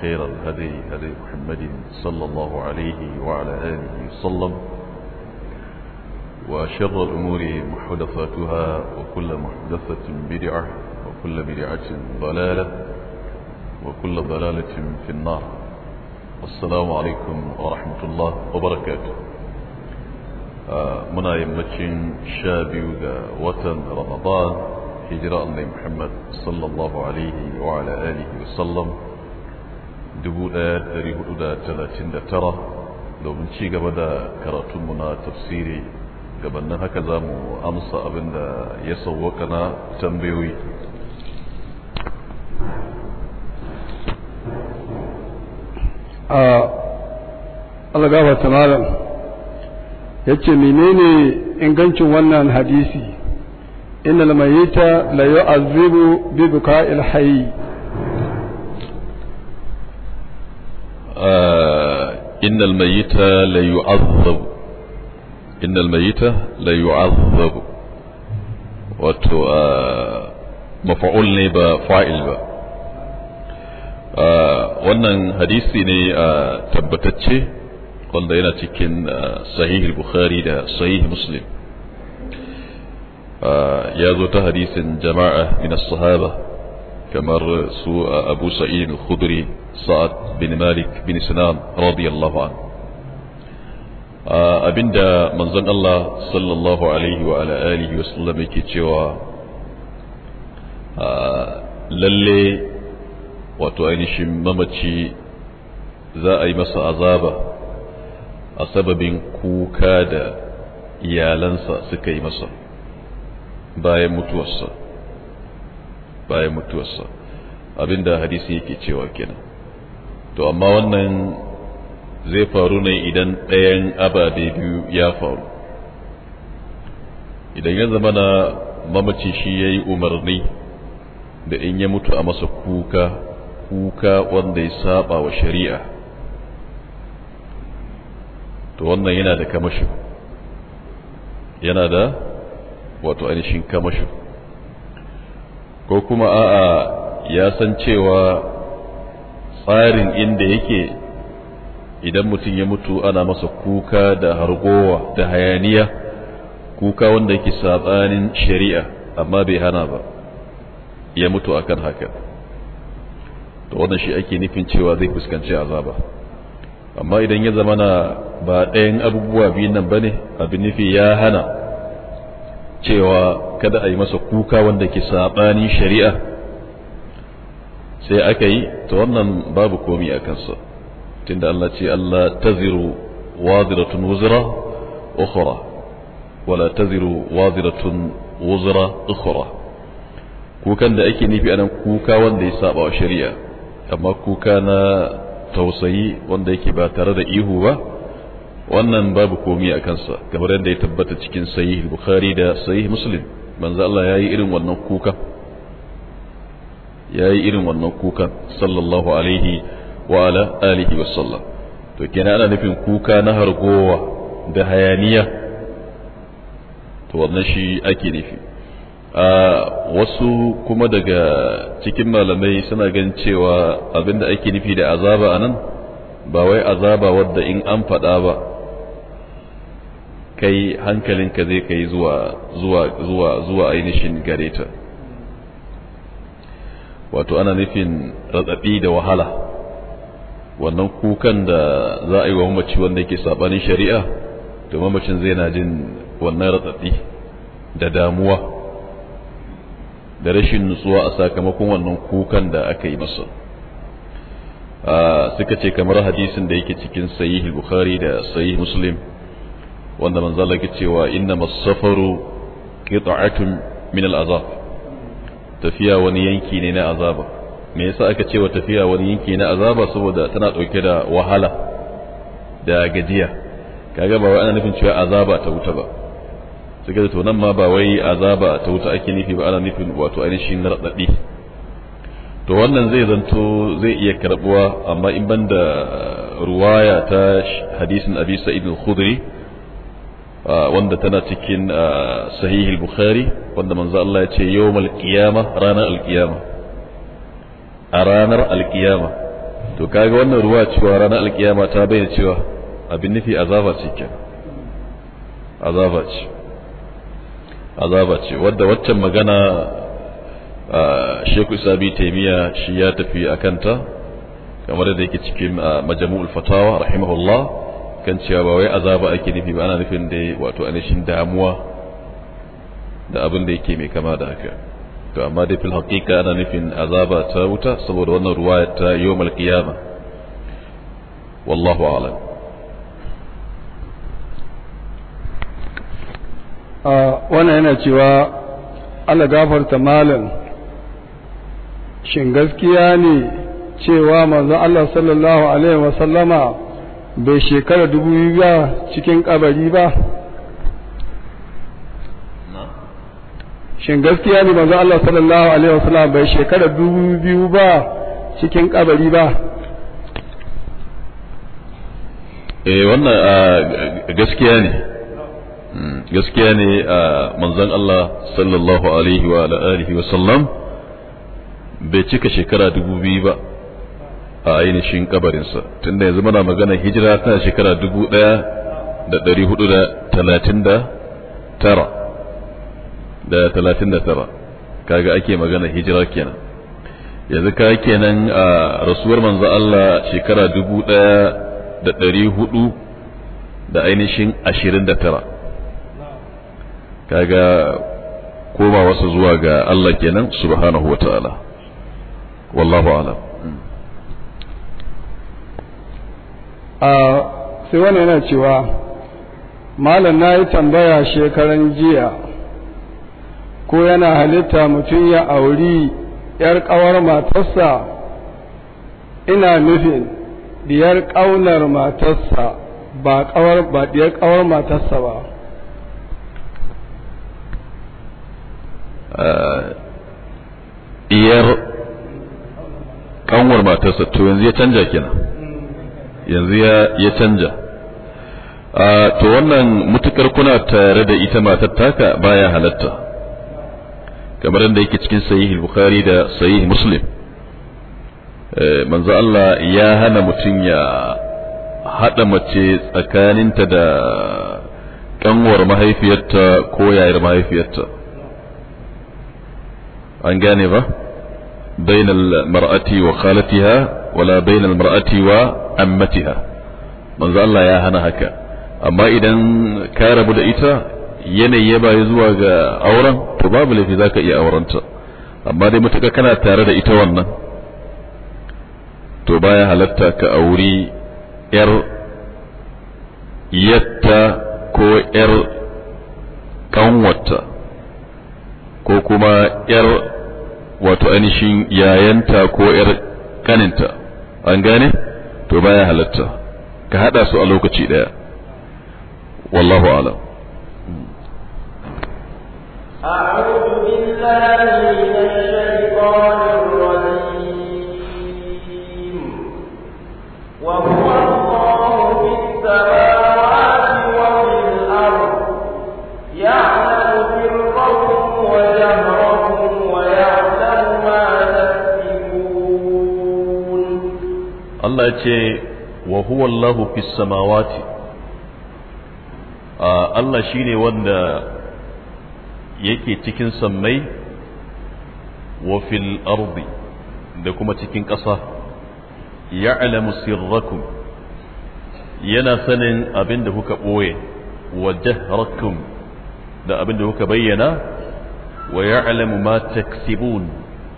خير الهدي هدي محمد صلى الله عليه وعلى آله وسلم وشر الأمور محدثاتها وكل محدثة بدعة وكل بدعة ضلالة وكل ضلالة في النار السلام عليكم ورحمة الله وبركاته آه، منا يمتشن يوغا وطن رمضان هجراء النبي محمد صلى الله عليه وعلى آله وسلم 1439 domin ci gaba da karatunmu na tafsiri gabanin haka za mu amsa abin da ya sauwaka na tambayoyi a algaba tamarin ya ce menene ingancin wannan hadisi inna lamayita la yu'azzibu bi buka'il hayy آه إن الميت ليعذب إن الميت ليعذب wato mafa'ul ne ba fa'il ba wannan hadisi ne tabbatacce wanda yana cikin sahih bukhari da sahih muslim ya zo ta hadisin jama'a min sahaba kamar su abu sa'id khudri sa'ad bin malik bin sinan radiyallahu an abinda manzon Allah sallallahu alaihi wa ala alihi wa sallam yake cewa lalle wato ainihin mamaci za a yi masa azaba a sababin kuka da iyalansa suka yi masa bayan mutuwarsa bayan mutuwarsa abinda hadisi yake cewa kenan to amma wannan zai faru ne idan ɗayan ababe biyu ya faru idan ya zama na mamaci shi ya yi umarni da in ya mutu a masa kuka kuka wanda ya saba wa shari'a to wannan yana da kamashin yana da wato ainihin kamashin ko kuma a'a ya san cewa tsarin inda yake idan mutum ya mutu ana masa kuka da hargowa da hayaniya kuka wanda yake saɓanin shari'a amma bai hana ba ya mutu akan haka to wannan shi ake nufin cewa zai fuskanci azaba amma idan ya zama na ba ɗayan abubuwa biyun nan ba ne abin nufi ya hana cewa kada a yi masa kuka wanda ke saɓanin shari'a sai aka yi ta wannan babu komi a kansa tunda Allah ce Allah taziru waziratun wuzira. ukhra wala taziru waziratun ukhra kukan da ake nufi anan kuka wanda ya saba wa shari'a amma kuka na tausayi wanda yake ba tare da ihu ba wannan babu komi a kansa kamar yadda ya tabbata cikin sahih bukhari da sahih muslim manzo Allah yayi irin wannan kuka yayi irin wannan kuka sallallahu alaihi wa ala alihi wa sallam to kenan ana nufin kuka na hargowa da hayaniya to wannan shi ake nufi a wasu kuma daga cikin malamai suna gan cewa abinda ake nufi da azaba anan ba wai azaba wadda in an faɗa ba kai hankalinka zai kai zuwa zuwa zuwa zuwa ainihin gareta. wato ana nufin ratsabi da wahala wannan kukan da za a yi wa mamaci wanda yake sabanin shari'a to mamacin zai na jin wannan ratsabi da damuwa da rashin nutsuwa a sakamakon wannan kukan da aka yi masa ah, suka ce kamar hadisin da yake cikin sahih bukhari da sahih muslim wanda manzo Allah yake cewa innamas safaru qita'atun min azab. tafiya wani yanki ne na azaba me yasa aka cewa tafiya wani yanki na azaba saboda tana dauke da wahala da gajiya kaga ba wai ana nufin cewa azaba ta wuta ba Sai to nan ma ba wai azaba ta wuta ake nufi ba ana nufin wato ainihin raɗaɗi to wannan zai zanto zai iya karbuwa amma in banda ruwaya ta hadisin abi sa'id al-khudri wanda tana cikin sahihul bukhari wanda manzo Allah ya ce yawmal qiyama ranar alqiyama a ranar alqiyama to kaga wannan ruwa cewa ranar alqiyama ta bayyana cewa abin nufi azaba ce kenan azaba ce azaba ce wadda waccan magana Sheikh Isabi Taymiya shi ya tafi akanta kamar da yake cikin Majmu'ul Fatawa rahimahullah kan cewa ba wai azaba ake nufi ba ana nufin da wato anishin damuwa da abin da yake mai kama da haka to amma dai fil haqiqa ana nufin azaba ta wuta saboda wannan ruwaya ta yawmal qiyama wallahu a'lam a wannan yana cewa Allah gafarta malam shin gaskiya ne cewa manzo Allah sallallahu alaihi wa sallama. bai shekara dubu biyu ba cikin kabari ba shin gaskiya ne manzo Allah sallallahu alaihi wasallam bai shekara dubu biyu ba cikin kabari ba eh wannan ah, gaskiya ne hmm, gaskiya ne ah, manzon Allah sallallahu alaihi wa alihi wasallam bai cika shekara dubu biyu ba a ainihin kabarinsa tunda yanzu muna magana hijira tana shekara dubu ɗaya da ɗari hudu da talatin da tara da talatin da tara kaga ake magana hijira kenan yanzu ka kenan a rasuwar manzo Allah shekara dubu ɗaya da ɗari hudu da ainihin ashirin da tara kaga koma wasu zuwa ga Allah kenan subhanahu wa ta'ala wallahu alam sai wani yana cewa malam na yi tambaya shekaran jiya ko yana halitta mutum ya auri ‘yar ƙawar matarsa ina nufin diyar ƙaunar matarsa ba ƙawar ba diyar ƙawar matarsa ba diyar ƙanwar matarsa to yanzu ya canja kenan yanzu ya canja to wannan mutukar kuna tare da ita matar taka baya halatta kamar yadda yake cikin sahih bukhari da sahih muslim e, manzo Allah ya hana mutum ya haɗa mace tsakaninta da ƙanwar mahaifiyarta ko yayar mahaifiyarta an gane ba bainal mar'ati wa khalatiha wala bainal mar'ati wa ammatiha manzo Allah ya hana haka amma idan ka rabu da ita yanayi ya bayi zuwa ga auren to babu laifi ka iya aurenta amma dai mutaka kana tare da ita wannan to baya halatta ka auri yar yatta ko yar kanwata ko kuma yar wato ainihin yayanta ko yar kaninta an gane? to baya halatta ka hada su a lokaci daya wallahu alam وهو Allah ya ce wa huwa Allahu fis samawati Allah shine wanda yake cikin sammai wa fil ardi da kuma cikin ƙasa ya'lamu sirrakum yana sanin abin da kuka ɓoye wa jahrakum da abin da kuka bayyana wa ya'lamu ma taksibun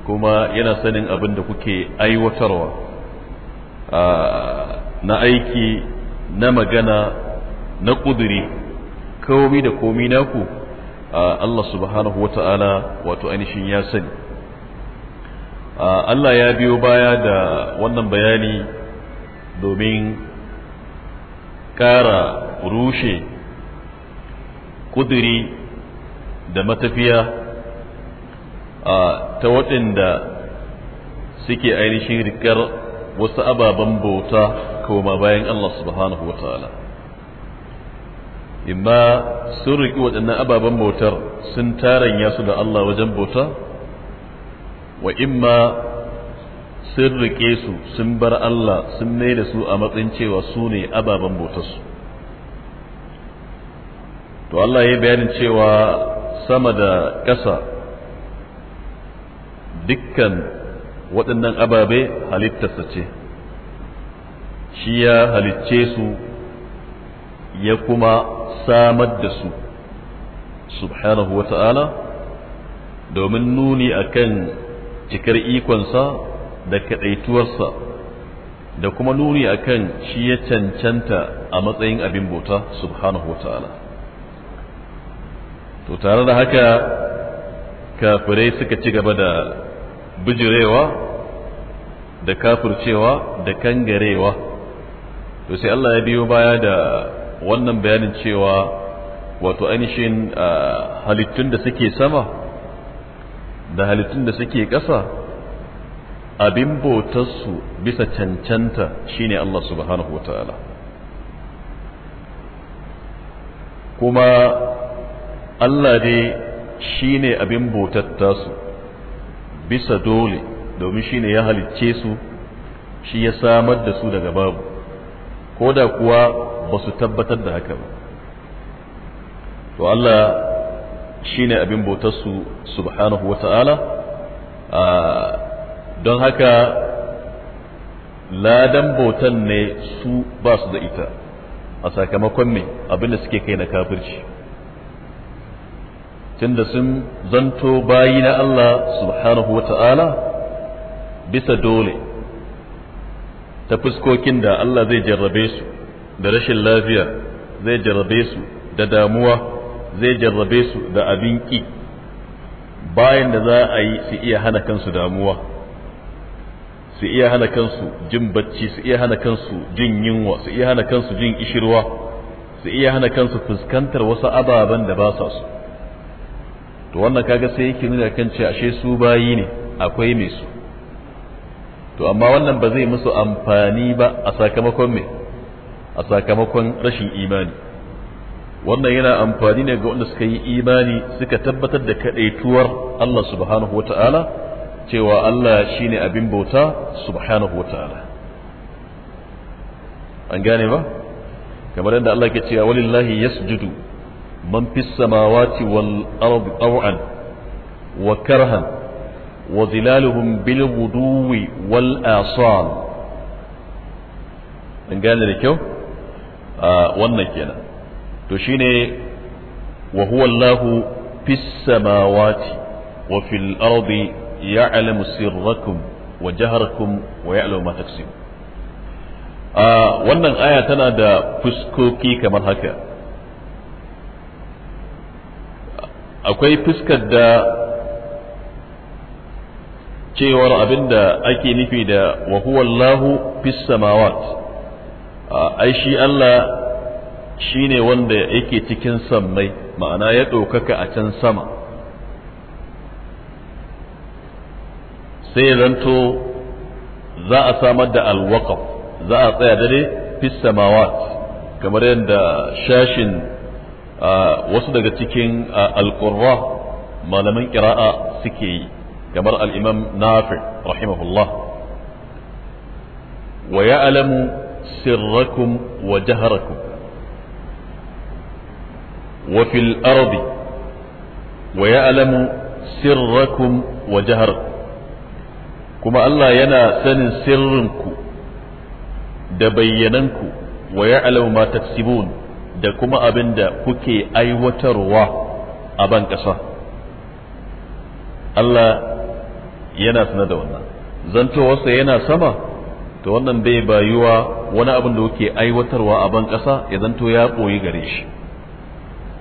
kuma yana sanin abin da kuke aiwatarwa na aiki na magana na ƙuduri komi da komi naku Allah subhanahu wa ta'ala wato ainihin ya sani Allah ya biyo baya da wannan bayani domin ƙara rushe ƙuduri da matafiya ta waɗanda suke ainihin rikar wasu ababen bauta koma bayan Allah subhanahu wa ta'ala imma sun riƙi waɗannan ababen bautar sun taranya su da Allah wajen bauta wa imma sun riƙe su sun bar Allah sun mai da su a matsayin cewa su ne ababen bautarsu to Allah ya bayanin cewa sama da ƙasa dukkan waɗannan ababe halittarsa ce shi ya halicce su ya kuma samar da su subhanahu wa ta'ala domin nuni a kan cikar ikonsa da kaɗaituwarsa da kuma nuni a kan shi ya cancanta a matsayin abin bauta subhanahu wa ta'ala to tare da haka kafirai suka ci gaba da bijirewa da kafircewa da kangarewa to sai Allah ya biyo baya da wannan bayanin cewa wato ainihin halittun da suke sama da halittun da suke ƙasa abin bautarsu bisa cancanta shine Allah subhanahu wata'ala kuma Allah dai shine abin bautar tasu bisa dole domin shine ya halicce su shi ya samar da su daga babu ko da kuwa ba su tabbatar da haka ba to Allah shine abin bautarsu subhanahu wa ta'ala don haka ladan bautan ne su ba su da ita a sakamakon me abinda suke kai na kafirci tunda sun zanto bayi na Allah subhanahu wa ta'ala bisa dole ta fuskokin da Allah zai jarrabe su da rashin lafiya zai jarrabe su da damuwa zai jarrabe su da abin ƙi bayan da za a yi su iya hana kansu damuwa su iya hana kansu jin bacci su iya hana kansu jin yunwa su iya hana kansu jin ishirwa su iya hana kansu fuskantar wasu ababen da ba sa su to wannan kaga sai yake nuna kan ce ashe su bayi ne akwai mai su to amma wannan ba zai musu amfani ba a sakamakon me a sakamakon rashin imani wannan yana amfani ne ga wanda suka yi imani suka tabbatar da kadaituwar Allah subhanahu wata'ala cewa Allah shine abin bauta subhanahu wata'ala an gane ba kamar yadda Allah ke cewa walillahi yasjudu man fis samawati wal ardi taw'an wa karhan وظلالهم بالغدو والآصال an gane da kyau wannan kenan to shine wa huwa Allahu fis samawati wa fil wannan aya tana da fuskoki kamar haka akwai fuskar da cewar abinda ake nufi da wa huwa Allahu fis samawat ai shi Allah shine wanda yake cikin sammai ma'ana ya ɗaukaka a can sama sai zanto za a samar da alwaqaf za a tsaya dare fis samawat kamar yadda shashin wasu daga cikin alqurra malaman ƙira'a suke yi kamar al-imam nafi rahimahullah wa ya'lamu sirrakum wajahar jaharakum wa fil ardi wa ya'lamu sirrakum kuma Allah yana sanin sirrinku da bayyananku wa ya'lamu ma da kuma abinda kuke aiwatarwa a ban ƙasa yana sanar da wannan zantowarsa yana sama to wannan bai bayuwa wani abin da yake aiwatarwa a ban ƙasa ya zanto ya ɓoyi gare shi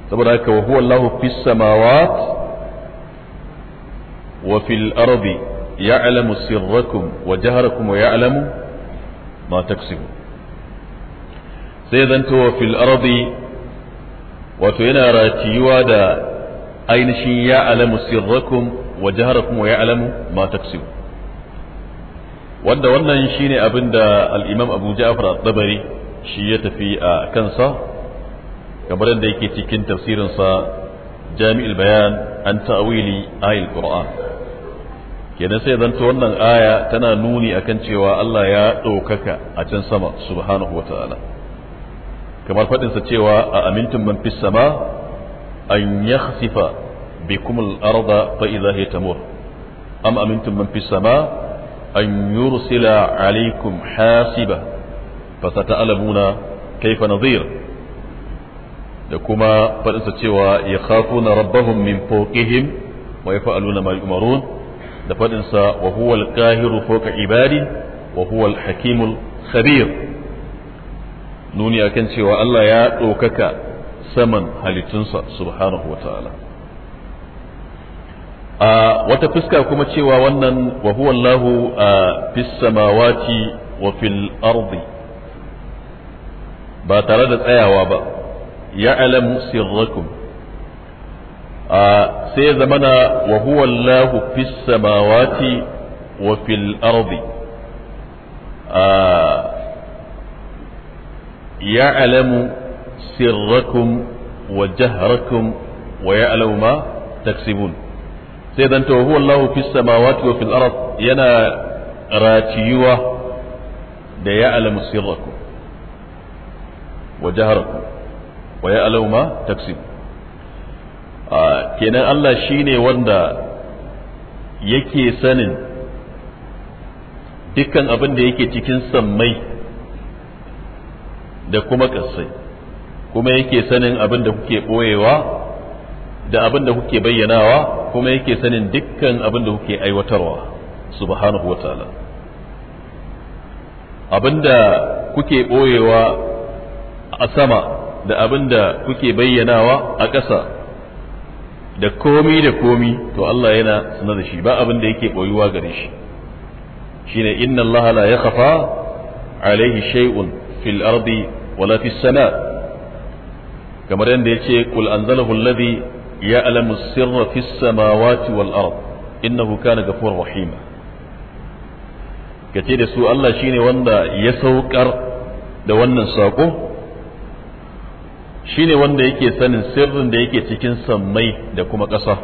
saboda haka wa huwa Allahu fis samawat wa fil ardi ya'lamu sirrakum wa jaharakum wa ya'lamu ma taksubu sai zanto wa fil ardi wato yana ratiyuwa da ainihin ya'lamu sirrakum wa jaharakum wa ya'lamu ma wanda wannan shine abin da alimam Abuja Abu Ja'far at shi ya tafi a kansa kamar yadda yake cikin tafsirinsa Jami'ul Bayan an ta'awili ayil Qur'an kenan sai zanto wannan aya tana nuni akan cewa Allah ya ɗaukaka a can sama subhanahu wa ta'ala kamar faɗinsa cewa a amintin man sama an yakhsifa bikum al ba fa idha hiya tamur am amintum man fis sama an yursila alaykum hasiba fa sata'lamuna kayfa nadhir da kuma faɗinsa cewa ya khafuna rabbahum min fawqihim wa yaf'aluna ma yu'marun da faɗinsa wa huwa al-qahiru fawqa ibadi wa huwa al-hakimul khabir nuni akan cewa Allah ya ɗaukaka saman halittunsa subhanahu wa ta'ala wata fuska kuma cewa wannan wa huwa Allahu fis samawati wa fil ardi ba tare da tsayawa ba ya ya'lamu sirrakum sai ya zamana wa huwa Allahu fis wa fil ardi ya'lamu sirrakum wa jahrakum wa ya'lamu ma taksibun sai zan ta huwa Allahu fi samawati wa fil ard yana ratiyuwa da ya alamu sirraku wa jaharku wa ya alamu ma taksib kenan Allah shine wanda yake sanin dukkan abin da yake cikin sammai da kuma ƙasai kuma yake sanin abin da kuke ɓoyewa da abin da kuke bayyanawa kuma yake sanin dukkan abin da kuke aiwatarwa subhanahu wa ta'ala abin da kuke ɓoyewa a sama da abin da kuke bayyanawa a ƙasa da komi da komi to Allah yana sanar da shi ba abin da yake ɓoyuwa gare shi shine inna Allah la yakhafa alaihi shay'un fil ardi wala fis sama kamar yadda yace qul anzalahu alladhi يعلم السر في السماوات والأرض إنه كان غفورا رحيما kace da su Allah shine wanda ya saukar da wannan saƙo Shi ne wanda yake sanin sirrin da yake cikin sammai da kuma ƙasa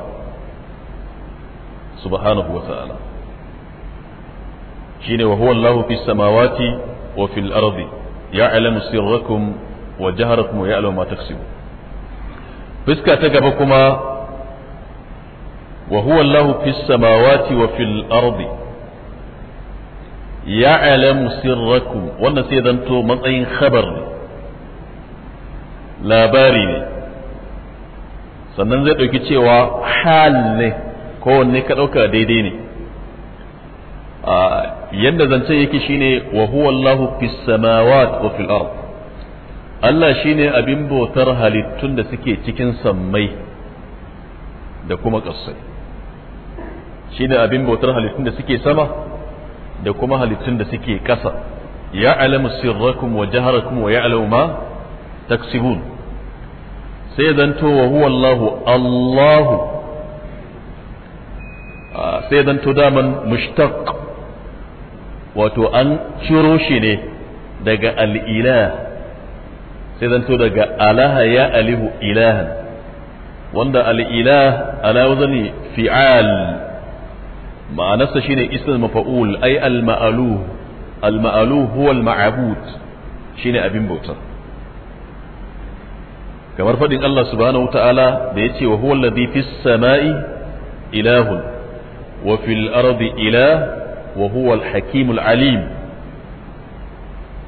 subhanahu wa ta'ala ne wa huwa Allahu fis samawati wa fil ardi ya'lamu sirrakum wa jaharakum wa ya'lamu ma taksibu. fuska ta gaba kuma wa huwa Allahu fis samawati wa fil ardi ya'lamu sirrakum wannan sai zanto matsayin khabar labari ne sannan zai ɗauki cewa hal ne kowanne ka ɗauka daidai ne yadda zance yake shine wa huwa Allahu fis samawati wa fil ardi Allah shi ne abin bautar halittun da suke cikin sammai da kuma ƙasai ne abin bautar halittun da suke sama da kuma halittun da suke ƙasa ya alamu sirrakum wa jaharakum wa ya alamu ma taksibun sai zanto wa huwa Allahu Allahu ah, sai zanto daman mushtaq wato an ciro shi ne daga al'ila sai zanto daga alaha ya alihu ilahan wanda al'ilah ala wazani fi'al ma'anarsa shine ismul mafa'ul ai al-ma'alu al-ma'alu huwa al-ma'bud shine abin bautar kamar fadin Allah subhanahu wata'ala da yace wa huwa alladhi fis sama'i ilahun wa fil ardi ilah wa huwa al-hakimul alim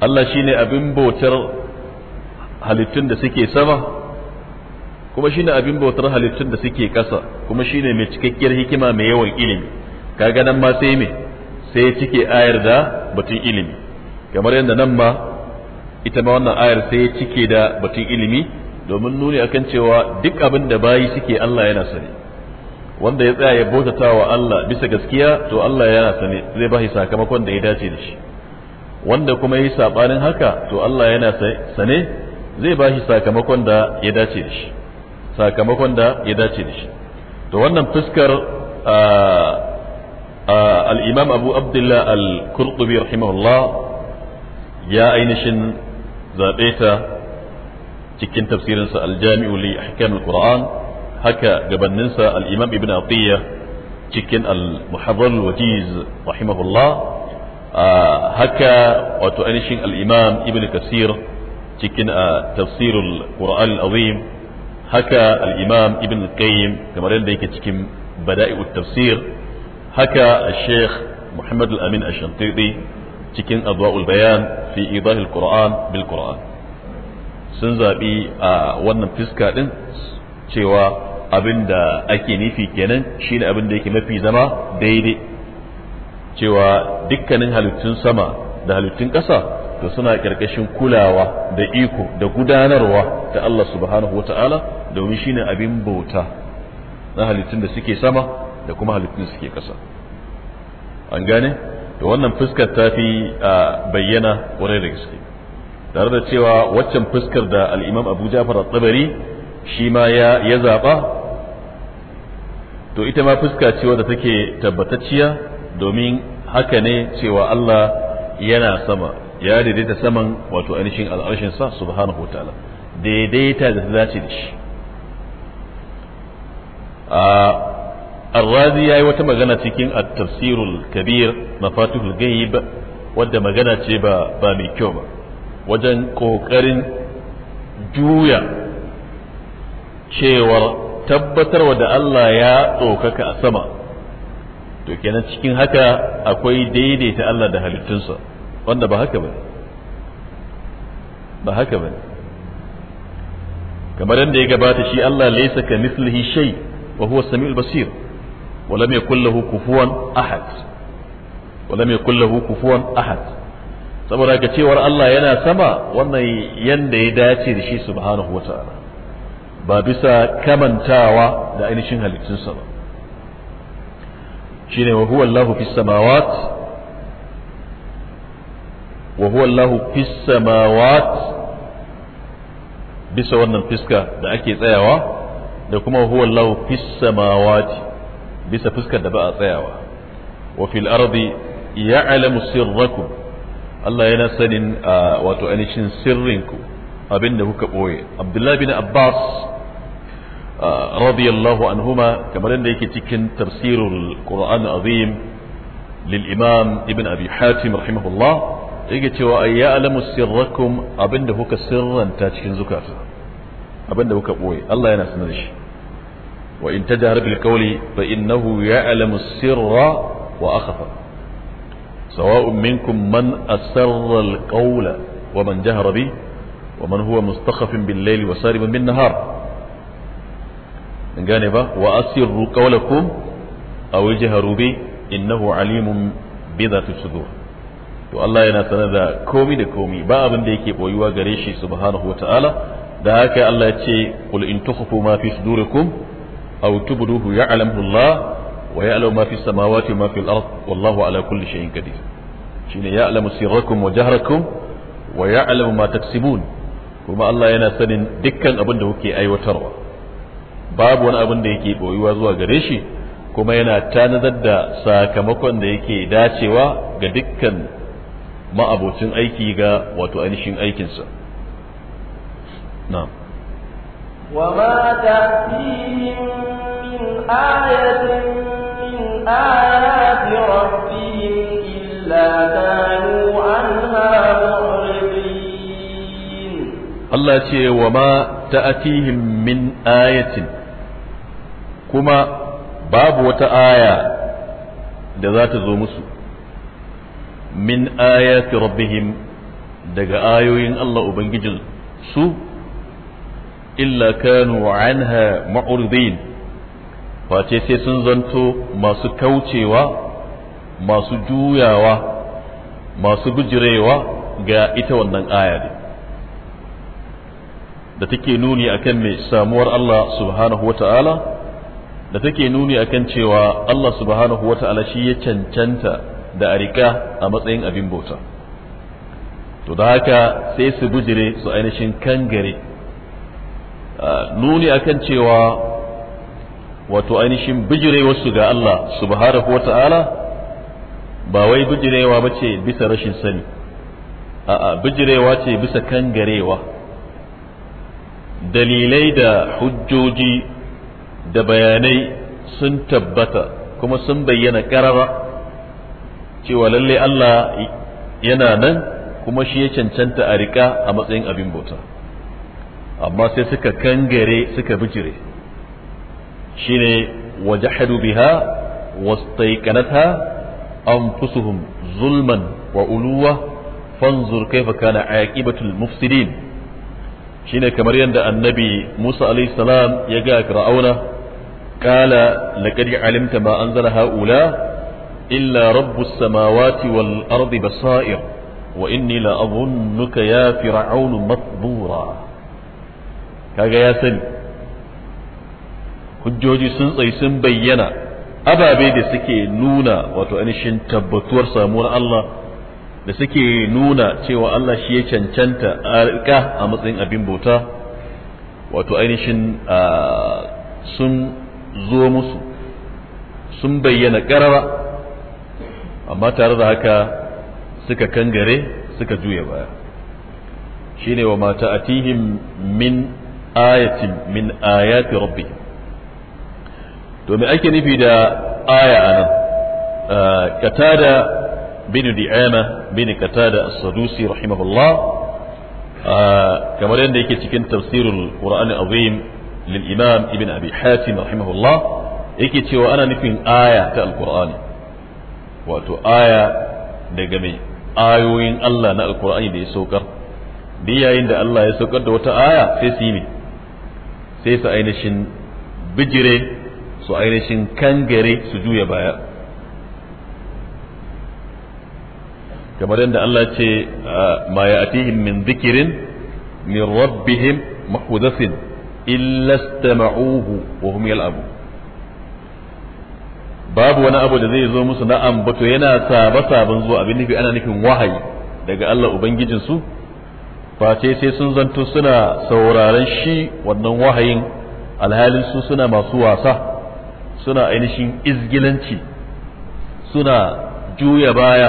Allah shine abin bautar halittun da suke sama kuma shine abin bautar halittun da suke kasa kuma shine mai cikakkiyar hikima mai yawan ilimi kaga nan ma sai me sai cike ayar da batun ilimi kamar yadda nan ma ita ma wannan ayar sai cike da batun ilimi domin nuni kan cewa duk abin da bayi suke Allah yana sani wanda ya tsaya ya bautata wa Allah bisa gaskiya to Allah yana sani zai ba sakamakon da ya dace da shi wanda kuma yi sabanin haka to Allah yana sane zai ba shi sakamakon da ya dace da shi sakamakon da ya dace da shi to wannan fuskar al abu abdullah al-qurtubi rahimahullah ya ainihin zaɓe ta cikin tafsirinsa al-jami'u li ahkam al-qur'an haka gabaninsa al-imam ibn atiyya cikin al-muhadhar al-wajiz rahimahullah haka wato ainihin al-imam ibn kasir cikin a ah, tafsirul Qur'an azim haka al-Imam Ibn Qayyim kamar yadda yake cikin bada'i'ut tafsir haka a Sheikh Muhammad al-Amin Ash-Shantidi cikin Adwa'ul Bayan fi idahil Qur'an bil Qur'an sun zaɓi a ah, wannan fiska ɗin cewa abin da ake nufi kenan shine abin da yake mafi zama daidai cewa dukkanin halittun sama da halittun ƙasa to suna ƙarƙashin kulawa da iko da gudanarwa ta Allah subhanahu wa ta'ala domin shi ne abin bauta na halittun da suke sama da kuma halittun da suke ƙasa an gane da wannan fuskar ta fi a bayyana ƙwarai da gaske tare da cewa waccan fuskar da al'imam abu jafar tsabari shi ma ya zaɓa to ita ma fuska ce wadda take tabbatacciya domin haka ne cewa Allah yana sama ya daidaita saman wato ainihin al'arshin sa subhanahu wataala daidaita da ta dace da shi arrazi ya yi wata magana cikin at-tafsirul kabir mafatihul ghaib wadda magana ce ba ba mai kyau ba wajen ƙoƙarin juya cewar tabbatarwa da Allah ya tsokaka a sama to kenan cikin haka akwai daidaita Allah da halittunsa wanda ba haka bane ba haka bane kamar yadda ya gabata shi Allah laysa ka mislihi shay wa huwa samiul basir wa lam yakul lahu kufuwan ahad wa lam yakul lahu kufuwan ahad saboda ka cewar Allah yana sama wannan yanda ya dace da shi subhanahu wataala ba bisa kamantawa da ainihin halittunsa ba shine wa huwa Allahu fis samawati wa huwa Allahu fis bisa wannan fiska da ake tsayawa da kuma huwa Allahu fis samawati bisa fiskar da ba a tsayawa wa fil ardi ya'lamu sirrakum Allah yana sanin wato ainihin sirrinku abin da kuka boye Abdullahi bin Abbas radiyallahu anhuma kamar yadda yake cikin tafsirul Qur'an azim للإمام ابن أبي حاتم رحمه الله yake cewa ay ya'lamu sirrakum abinda kuka sirranta cikin zukata abinda kuka boye Allah yana sanar shi wa in tajhar bil qawli fa innahu ya'lamu sirra wa akhfa sawa'un minkum man asarra al qawla wa man jahara bi wa man huwa mustakhafin bil layli wa saribun bin nahar an gane ba wa asirru qawlakum aw jahru bi innahu alimun bi dhati sudur to Allah yana sanar da komi da komi ba abin da yake boyuwa gare shi subhanahu wa ta'ala da haka Allah ya ce qul in tukhfu ma fi sudurikum aw tubduhu ya'lamu Allah wa ya'lamu ma fi samawati ma fi al-ard wallahu ala kulli shay'in qadir shine ya'lamu sirrakum wa jahrakum wa ya'lamu ma taksibun kuma Allah yana sanin dukkan abin da kuke aiwatarwa babu wani abin da yake boyuwa zuwa gare shi kuma yana tanadar da sakamakon da yake dacewa ga dukkan ma'abocin aiki ga wato ainihin aikinsa na wama ta min ayatin ce min ayatin kuma babu wata aya da za ta zo musu min ayati rabbihim daga ayoyin Allah Ubangijin su illa kanu anha ma'urdin face sai sun zanto masu kaucewa masu juyawa masu gujirewa ga ita wannan aya da take nuni akan mai samuwar Allah subhanahu wa ta'ala da take nuni akan cewa Allah subhanahu wa ta'ala shi ya cancanta da arika a matsayin abin bauta to da haka sai su bujire su ainihin kangare nuni akan cewa wato ainihin bujire wasu ga Allah subhanahu wata'ala ba wai bijirewa ba ce bisa rashin sani a'a bijirewa ce bisa kangarewa dalilai da hujjoji da bayanai sun tabbata kuma sun bayyana ƙarara cewa lalle Allah yana nan kuma shi ya cancanta a riƙa a matsayin abin bauta amma sai suka kangare suka bijire shine wajahadu biha wastaiqanatha anfusuhum zulman wa uluwa fanzur kaifa kana aqibatul mufsidin shine kamar yadda annabi Musa alayhi salam ya ga Fir'auna qala laqad alimta ma anzala haula إلا رب السماوات والأرض بصائر وإني لأظنك يا فرعون مطبورا كاغا يا سن hujjoji sun tsayi sun bayyana ababe da suke nuna wato ainihin tabbatuwar samuwar Allah da suke nuna cewa Allah shi ya cancanta a a matsayin abin bauta wato ainihin sun zo musu sun bayyana ƙarara amma tare da haka suka kangare suka juya baya shine wa mata atihim min ayatin min ayati rabbi to me ake nufi da aya anan katada ah, bin di'ama bin katada as-sadusi rahimahullah ah, kamar yadda yake cikin tafsirul qur'ani azim lil imam ibn abi hatim rahimahullah yake cewa ana nufin aya ta alqur'ani wato aya daga mai ayoyin Allah na alkur'ani da ya saukar da yayin da Allah ya saukar da wata aya sai su yi sai su ainihin bijire su ainihin kangare su juya baya kamar yadda Allah ce ah, ma ya atihim min zikirin min rabbihim mahudafin illa istama'uhu wa hum yal'abu babu wani abu da zai zo musu na ambato yana saba saban zuwa abin nufi ana nufin wahayi daga Allah ubangijin su face sai sun zanto suna sauraron shi wannan wahayin alhalin su suna masu wasa suna ainihin izgilanci suna juya baya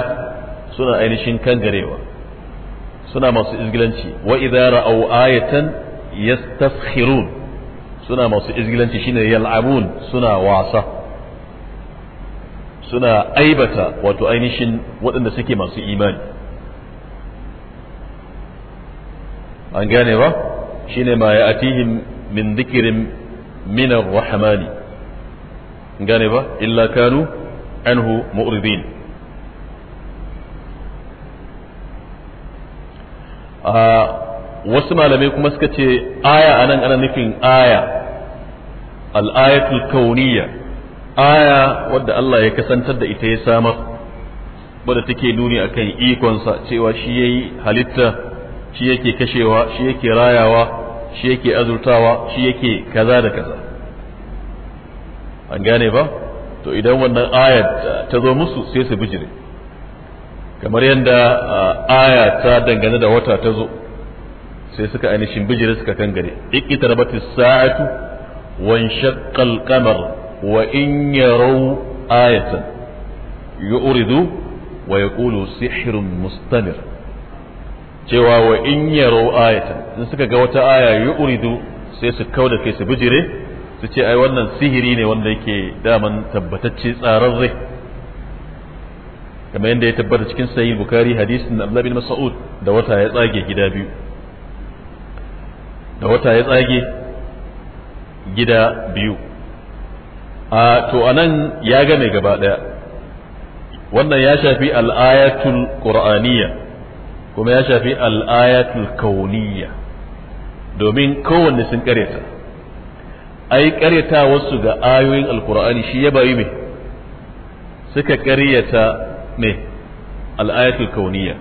suna ainihin kangarewa suna masu izgilanci wa idza ra'aw ayatan yastaskhirun suna masu izgilanci shine yal'amun suna wasa suna aibata wato ainihin waɗanda suke masu imani an gane ba shine ma ya atihim min dikirin minar rahmani gane ba illa kanu anhu mu'ridin ah, wasu malamai kuma suka ce aya anan ana nufin aya al kauniyya aya wadda Allah ya kasantar da ita ya samar wadda take nuni akan ikonsa cewa shi ya yi halitta shi yake kashewa shi yake rayawa shi yake azurtawa shi yake kaza da kaza an gane ba to idan wannan ayat ta zo musu sai su bijire kamar yadda aya ta dangane da wata ta zo sai suka ainihin bijire suka kangare ikita rabatis sa'atu wan shaqqal qamar wa in yarau ayatan yu'ridu wa yaqulu sihrun mustamir cewa wa in yarau ayatan in suka ga wata aya yu'ridu sai su kauda kai su bijire su ce ai wannan sihiri ne wanda yake daman tabbatacce tsararre kamar yadda ya tabbata cikin sayi bukari hadisin da Abdullah bin Mas'ud da wata ya tsage gida biyu to anan ya game gaba daya wannan ya shafi al'ayatul qur'aniyya kuma ya shafi al'ayatul kauniyya domin kowanne sun karyata ai karyata wasu ga ayoyin al'ƙur'ani shi ya bari me suka ƙaryata me al'ayatul kauniyya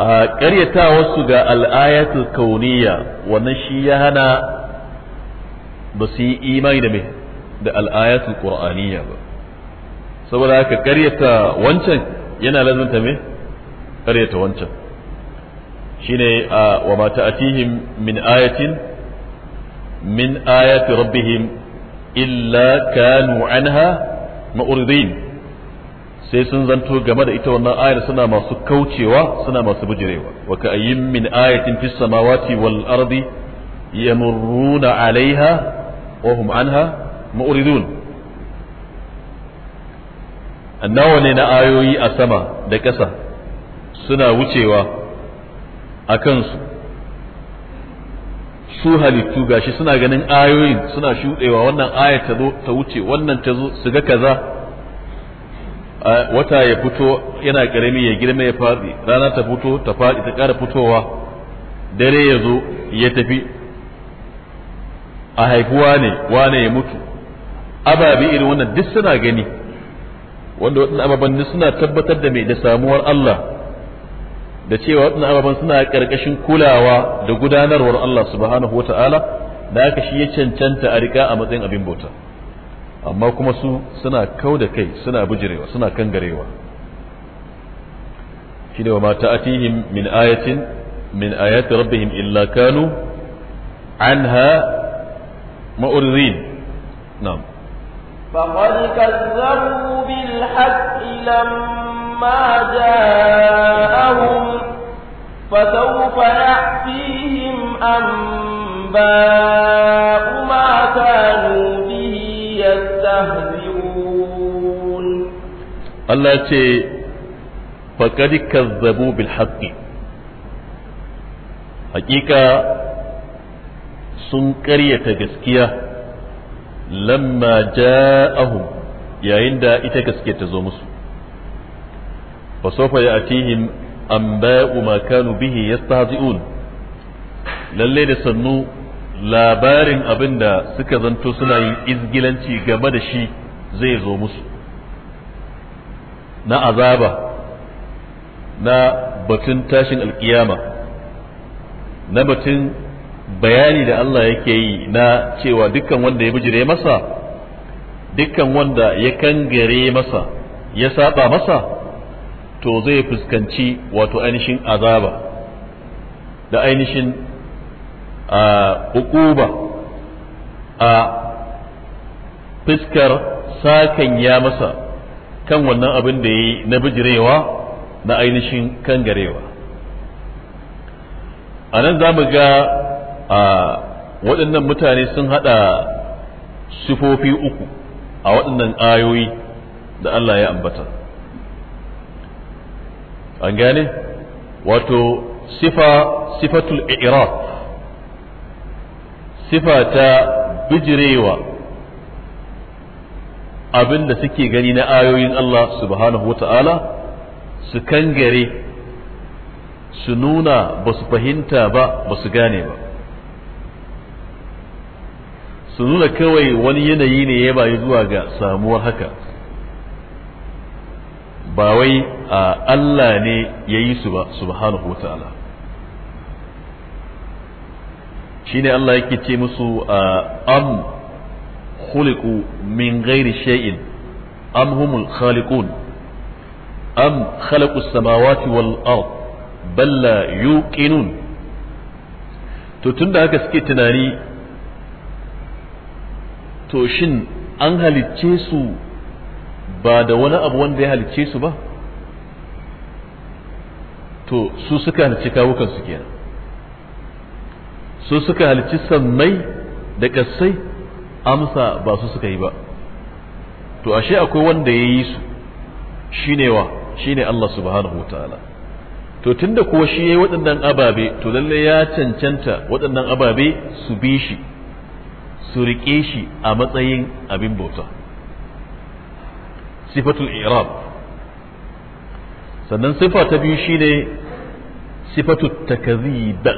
a karyata wasu ga al'ayatul kauniyya wannan shi ya hana ba su yi imani da me da al'ayatul qur'aniyya ba saboda haka ƙaryata wancan yana lazanta me ƙaryata wancan shine wa ma ta'atihim min ayatin min ayati rabbihim illa kanu anha ma'uridin sai sun zanto game da ita wannan ayar suna masu kaucewa suna masu bujirewa wa ka'ayyin min ayatin fis samawati wal ardi yamurruna alaiha wa hum anha mu'ridun nawa ne na ayoyi a sama da ƙasa suna wucewa a kansu su halittu gashi suna ganin ayoyin suna shuɗewa wannan aya ta zo ta wuce wannan ta zo su ga kaza wata ya fito yana ƙarami ya girma ya faɗi rana ta fito ta faɗi ta ƙara fitowa dare ya zo ya tafi a haifuwa ne wane ya mutu ababe irin wannan duk suna gani wanda waɗannan ababen suna tabbatar da mai da samuwar Allah da cewa waɗannan ababen suna ƙarƙashin kulawa da gudanarwar Allah subhanahu wa ta'ala da aka shi ya cancanta a riƙa a matsayin abin bauta amma kuma su suna kau da kai suna bujirewa suna kangarewa shi ne wa mata atihim min ayatin min ayati rabbihim illa kanu anha ma'urzin na'am فقد كذبوا بالحق لما جاءهم فسوف يأتيهم أنباء ما كانوا به يستهزئون الله ce فقد كذبوا بالحق حقيقة sun ƙaryata gaskiya lamma ja'ahum yayin da ita gaske ta zo musu fa sawfa ya'tihim anba'u ma kanu bihi yastahzi'un lalle da sannu labarin abin da suka zanto suna yin izgilanci game da shi zai zo musu na azaba na batun tashin alkiyama na batun bayani da Allah yake yi na cewa dukkan wanda ya bijire masa dukkan wanda ya kangare masa ya saba masa to zai fuskanci wato ainihin azaba da ainihin hukuba a fuskar sakan ya masa kan wannan abin da ya na bijirewa na ainihin kangarewa a nan ga waɗannan mutane sun haɗa sifofi uku a waɗannan ayoyi da Allah ya ambata an gane wato sifa sifatul i'rab sifa ta bijirewa abin da suke gani na ayoyin Allah subhanahu wa ta'ala su kangare su nuna ba su fahimta ba ba su gane ba su nuna kawai wani yanayi ne ya bayi zuwa ga samuwar haka ba wai a Allah ne ya yi su ba subhanahu wa ta'ala shi ne Allah yake ce musu a am khuliqu min ghairi shay'in am humul khaliqun am khalaqu samawati wal ard bal la yuqinun to tunda haka suke tunani to shin an halicce su ba da wani abu wanda ya halicce su ba to su suka halicci kawukansu kenan su suka halicci sammai da ƙasai amsa ba su suka yi ba to ashe akwai wanda ya yi su shine wa shine Allah subhanahu wa ta'ala to tunda kuwa shi ya yi waɗannan ababe to lalle ya cancanta waɗannan ababe su bi shi su riƙe shi a matsayin abin bauta sifatul i'rab sannan sifa ta biyu shine sifatul takazib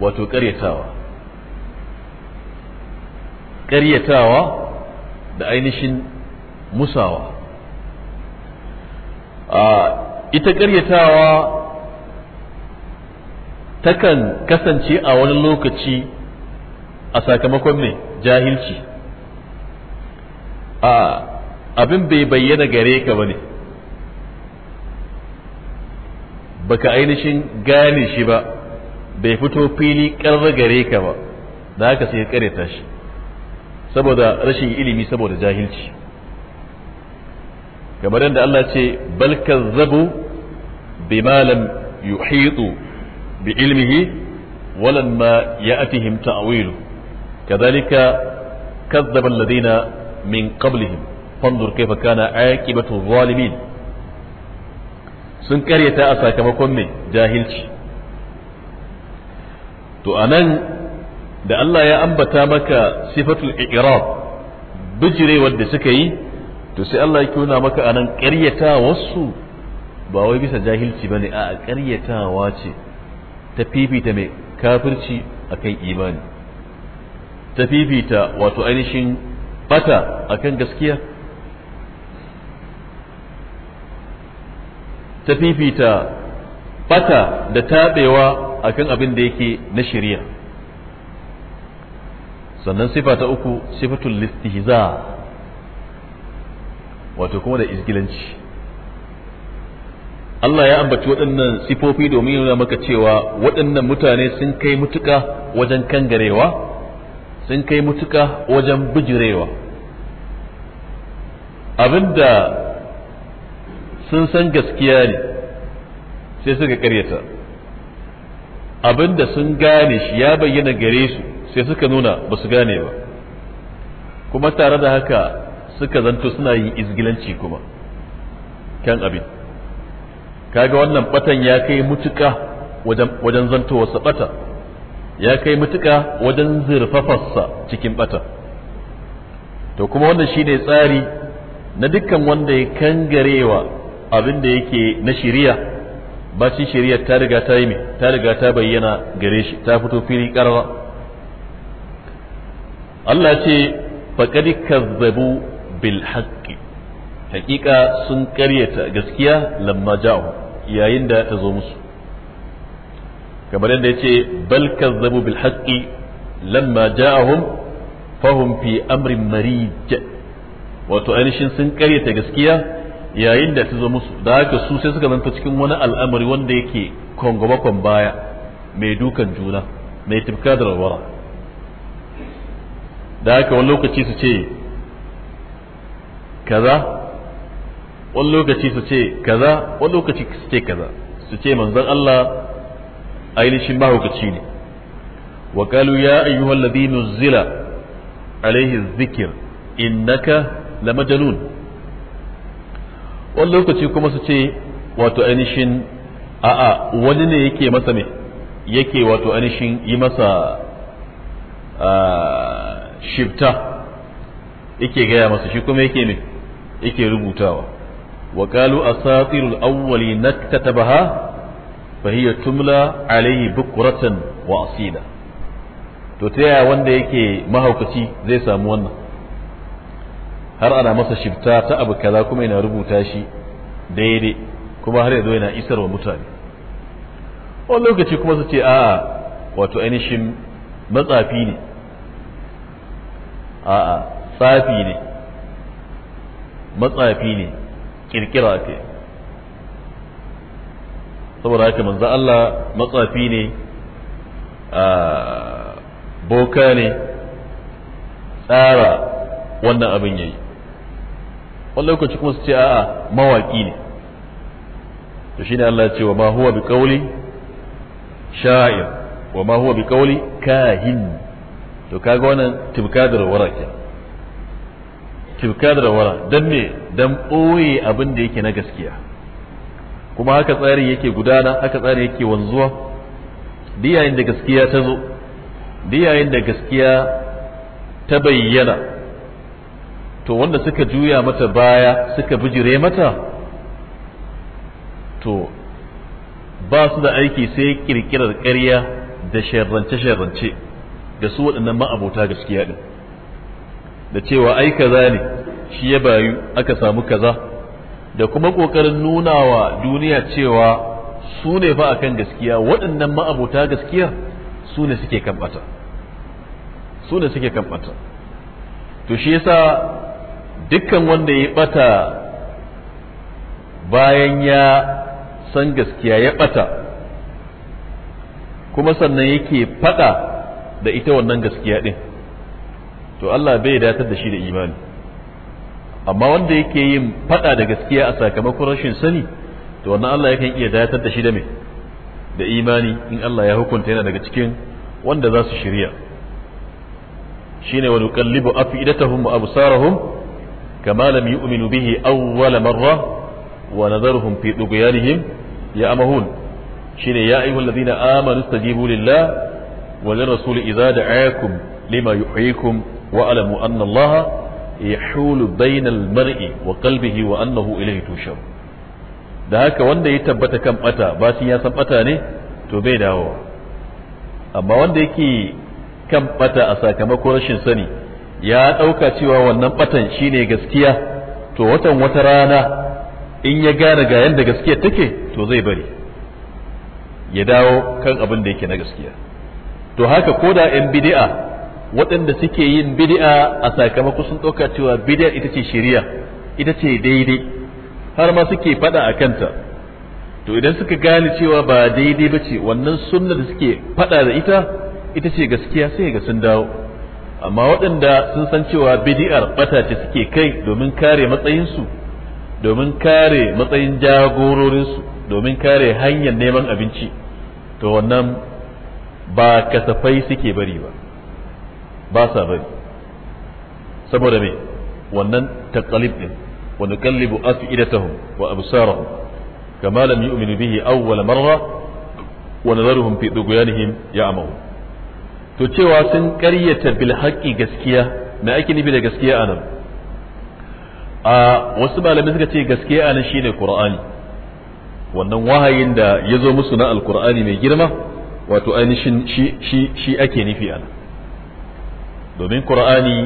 wato ƙaryatawa ƙaryatawa da ainihin musawa a ita ƙaryatawa takan kasance a wani lokaci a sakamakon mai jahilci a abin bai bayyana gare ka ba ne baka ainihin gane shi ba bai fito fili karra gare ka ba da haka sai ka ta shi saboda rashin ilimi saboda jahilci kamar yadda Allah ce bal kazzabu bima lam yuhitu bi ilmihi walan ma a ta'wilu كذلك كذب الذين من قبلهم فانظر كيف كان عاقبة الظالمين sun karyata a sakamakon mai jahilci to anan da Allah ya ambata maka sifatul i'rab bijirewar da suka yi to sai Allah ya kuna maka anan karyata wasu ba wai bisa jahilci bane a karyatawa ce ta fifita mai kafirci akan imani ta fifita wato ainihin bata akan gaskiya ta fifita bata da taɓewa akan abin da yake na shari'a sannan sifa ta uku sifatul listihiza wato kuma da izgilanci Allah ya ambaci waɗannan sifofi domin yana maka cewa waɗannan mutane sun kai mutuka wajen kangarewa sun kai mutuka wajen bijirewa abinda sun san gaskiya ne sai suka karyata abinda sun gane shi ya bayyana gare su sai suka nuna ba su gane ba kuma tare da haka suka zanto suna yin izgilanci kuma kan abin kaga wannan batan ya kai mutuka wajen zanto wasu bata ya kai mutuka wajen zurfafarsa cikin bata to kuma wannan shine tsari na dukkan wanda ya kangarewa abin da yake na shiriya bacin shirya ta riga ta yi mai, ta riga ta bayyana gare shi ta fito fili karawa Allah ce faqad kazzabu bil haqqi haƙiƙa sun ƙaryata gaskiya lamma ja'u yayin da ta zo musu kamar yadda yace bal kazzabu bil haqqi lamma ja'ahum fahum fi amrin marij wato ainihin sun karyata gaskiya yayin da ta zo musu da haka su sai suka zanta cikin wani al'amari wanda yake kongobakon baya mai dukan juna mai tafka da rawara da haka wani lokaci su ce kaza wani lokaci su ce kaza wani lokaci su ce kaza su ce manzon Allah ainihin mahaukaci ne wa qalu ya ayyuhal ladhi nuzila alaihi dhikr innaka lamajnun wani lokaci kuma su ce wato ainihin a'a wani ne yake masa me yake wato ainihin yi masa shifta yake gaya masa shi kuma yake ne yake rubutawa wa qalu asatirul awwali tabaha. فهي تملى عليه بكرة وأصيلا to ta yaya wanda yake mahaukaci zai samu wannan har ana masa shifta ta abu kaza kuma yana rubuta shi daidai kuma har yanzu yana isar wa mutane wani lokaci kuma su ce a'a wato ainihin matsafi ne a tsafi ne matsafi ne kirkira saboda haka manzo Allah matsafi ne boka ne tsara wannan abin yayi wani lokaci kuma su ce a'a mawaki ne to shine Allah ya ce wa ma huwa bi qawli sha'ir wa ma huwa bi qawli kahin to kaga wannan tibkadar wara ke tibkadar wara dan me dan boye abin da yake na gaskiya kuma haka tsarin yake gudana haka tsarin yake wanzuwa duk yayin da gaskiya ta zo yayin da gaskiya ta bayyana to wanda suka juya mata baya suka bijire mata to ba su da aiki sai kirkirar ƙarya da sharrance-sharrance ga su waɗannan ma'abota gaskiya ɗin da cewa ai kaza ne shi ya bayu aka samu kaza da kuma ƙoƙarin nuna wa duniya cewa su ne fa akan gaskiya waɗannan ma'abota gaskiya su ne suke kambata su ne suke kambata to shi yasa dukkan wanda ya bata bayan ya san gaskiya ya ɓata, kuma sannan yake faɗa da ita wannan gaskiya din to Allah bai datar da shi da imani amma wanda yake yin fada da gaskiya a sakamakon rashin sani to wannan Allah yakan iya datar da shi da me da imani in Allah ya hukunta yana daga cikin wanda za su shirya shine wa nuqallibu afidatahum wa absarahum kama lam yu'minu bihi awwal marra wa nadharuhum fi tughyanihim ya'mahun shine ya ayyuhal ladina amanu istajibu lillah wa lirrasuli idza da'akum lima yuhyikum wa alamu anna yahulu bainal mar'i wa qalbihi wa annahu ilayhi tushar da haka wanda ya tabbata kan bata bacin ya san bata ne to bai dawo amma wanda yake kan bata a sakamakon rashin sani ya ɗauka cewa wannan batan shine gaskiya to watan wata rana in ya gane ga yadda gaskiya take to zai bari ya dawo kan abin da yake na gaskiya to haka ko da 'yan bidi'a waɗanda suke yin bid'a a sakamako sun ɗauka cewa bid'a ita ce shari'a ita ce daidai har ma suke faɗa a kanta to idan suka gane cewa ba daidai ba ce wannan sunna da suke faɗa da ita ita ce gaskiya sai ga sun dawo amma waɗanda sun san cewa bid'ar ɓata ce suke kai domin kare matsayinsu domin kare matsayin jagororinsu domin kare hanyar neman abinci to wannan ba kasafai suke bari ba ba sa bari saboda me wannan taqalib din wa nuqallibu af'idatahum wa absarahum kama lam yu'minu bihi awwal marra wa nadharuhum fi dughyanihim ya'mahu to cewa sun ƙaryata bil haqqi gaskiya me ake nufi da gaskiya anan a wasu malamai suka ce gaskiya anan shine qur'ani wannan wahayin da ya zo musu na alqur'ani mai girma wato ainihin shi ake nufi anan domin qur'ani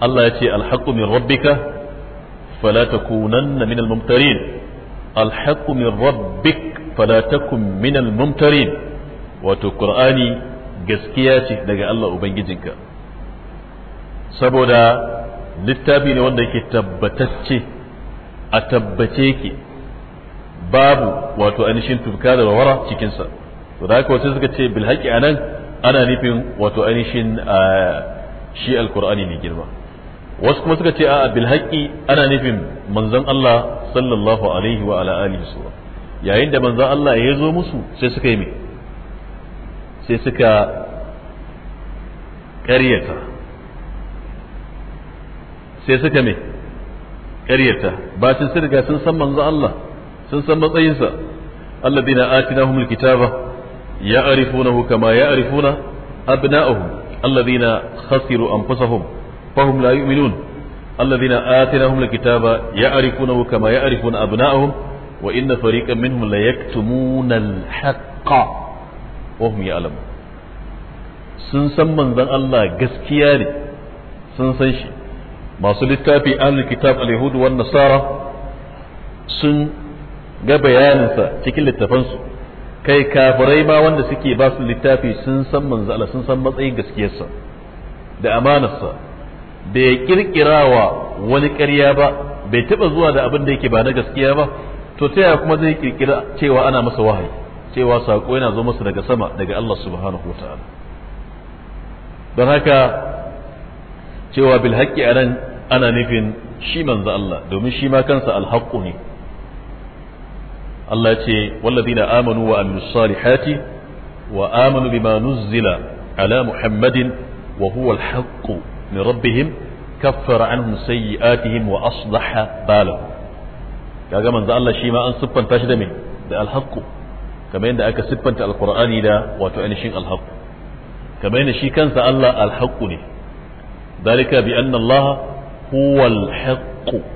Allah ya ce min rabbika fala takunanna minal mumtarin min rabbik fala takun minal mumtarin wato ƙur'ani gaskiya ce daga Allah ubangijinka saboda littafi ne wanda yake tabbatacce a tabbace yake babu wato ainihin tufka da wara cikinsa to da haka wasu suka ce bilhaki anan ana nufin wato ainihin shi alkur'ani mai girma wasu kuma suka ce a bilhaƙi ana nufin manzon Allah sallallahu alaihi wa ala alihi yayin da manzon Allah ya zo musu sai suka yi sai suka ƙaryata sai suka me ƙaryata ba sun sirga sun san manzon Allah sun san matsayinsa Allah Atina atinahumul kitaba يعرفونه كما يعرفون أبناءهم الذين خسروا أنفسهم فهم لا يؤمنون الذين آتناهم الكتاب يعرفونه كما يعرفون أبناءهم وإن فريقا منهم ليكتمون الحق وهم يعلمون sun san manzon Allah gaskiya ne sun san shi masu littafi ahlul kitab al-yahud wan nasara sun ga bayaninsa cikin littafansu kai kafirai ma wanda suke ba su littafi sun san sun san matsayin gaskiyarsa da amanarsa bai kirkirawa wani ƙarya ba bai taɓa zuwa da abin da yake ba na gaskiya ba to ta kuma zai kirkira cewa ana masa wahayi cewa sako yana zo masa daga sama daga Allah subhanahu don haka cewa bil haqqi anan ana nufin shi manzo Allah domin shi ma kansa al ne Allah ce wallazina amanu wa amilus salihati wa amanu bima nuzzila ala muhammadin wa huwa alhaqqu min rabbihim kaffara anhum sayyi'atihim wa aslaha balahum kaga manza Allah shi ma an siffanta shi da me da alhaqqu kamar aka siffanta alqur'ani da wato ainihin alhaqqu kamar yadda shi kansa Allah alhaqqu ne dalika bi anna Allah huwa alhaqqu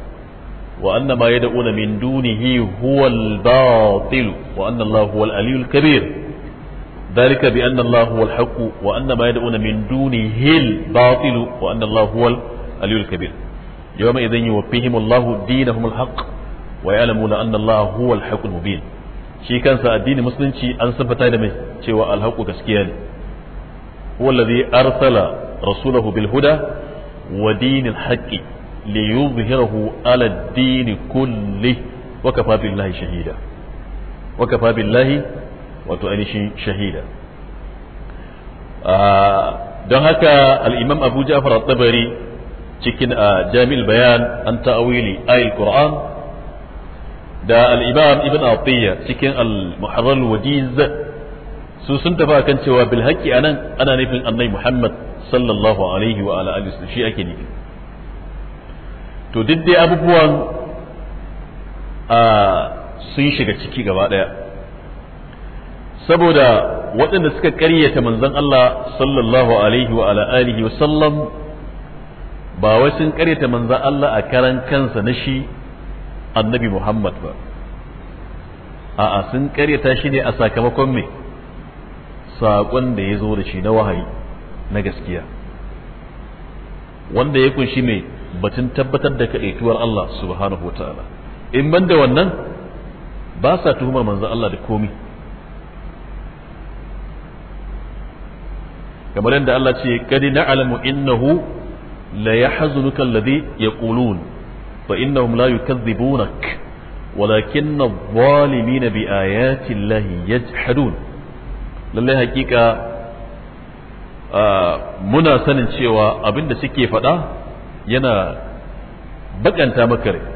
وأن ما يدعون من دونه هو الباطل وأن الله هو العلي الكبير ذلك بأن الله هو الحق وأن ما يدعون من دونه الباطل وأن الله هو العلي الكبير يومئذ يوفيهم الله دينهم الحق ويعلمون أن الله هو الحق المبين shi kansa addini musulunci an siffata da mai cewa alhaƙu gaskiya ne huwa allazi arsala rasulahu bil huda wa dinil haqqi liyuzhirahu ala ad-din kulli wa kafa billahi shahida wa kafa billahi wato ainihin shahida ah, don haka al-imam Abu Ja'far at-Tabari cikin ah, Jami'ul Bayan an ta'awili ayil Qur'an da al-imam Ibn Atiyya cikin al-Muharrar al-Wajiz su sun tafi akan cewa bil haqqi anan ana nufin annabi Muhammad sallallahu alaihi wa ala alihi shi ake nufi to duk dai abubuwan sun shiga ciki gaba ɗaya saboda waɗanda suka ƙaryata manzon Allah sallallahu alaihi wa wa sallam ba wai sun ƙaryata manzon Allah a karan kansa na shi annabi Muhammad ba a'a sun ƙaryata shi ne a sakamakon me saƙon da ya zo da shi na wahayi na gaskiya wanda ya kunshi mai batun tabbatar da kaɗaituwar Allah subhanahu wa ta'ala in ban da wannan ba sa tuhumar manzan Allah da komi kamar yadda Allah ce kadi na'lamu innahu la yahzunuka alladhi yaqulun fa innahum la yukadhibunak ولكن الظالمين بآيات الله يجحدون lallai hakika ah, muna sanin cewa abinda suke faɗa yana bakanta maka rai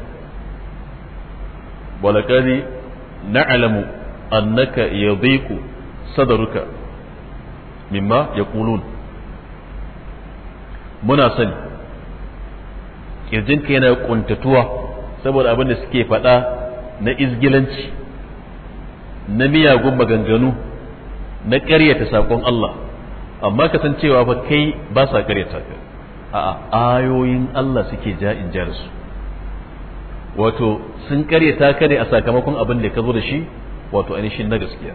walakari na'lamu annaka yadhiqu sadaruka mimma yaqulun muna sani kirjinka yana kuntatuwa saboda abin da suke faɗa na izgilanci na miyagun maganganu na ƙaryata saƙon Allah amma kasancewa ba kai ba sa ƙaryata ka a ayoyin Allah suke ja in ja da su wato sun karyata ka ne a sakamakon abin da ka zo da shi wato ainihin na gaskiya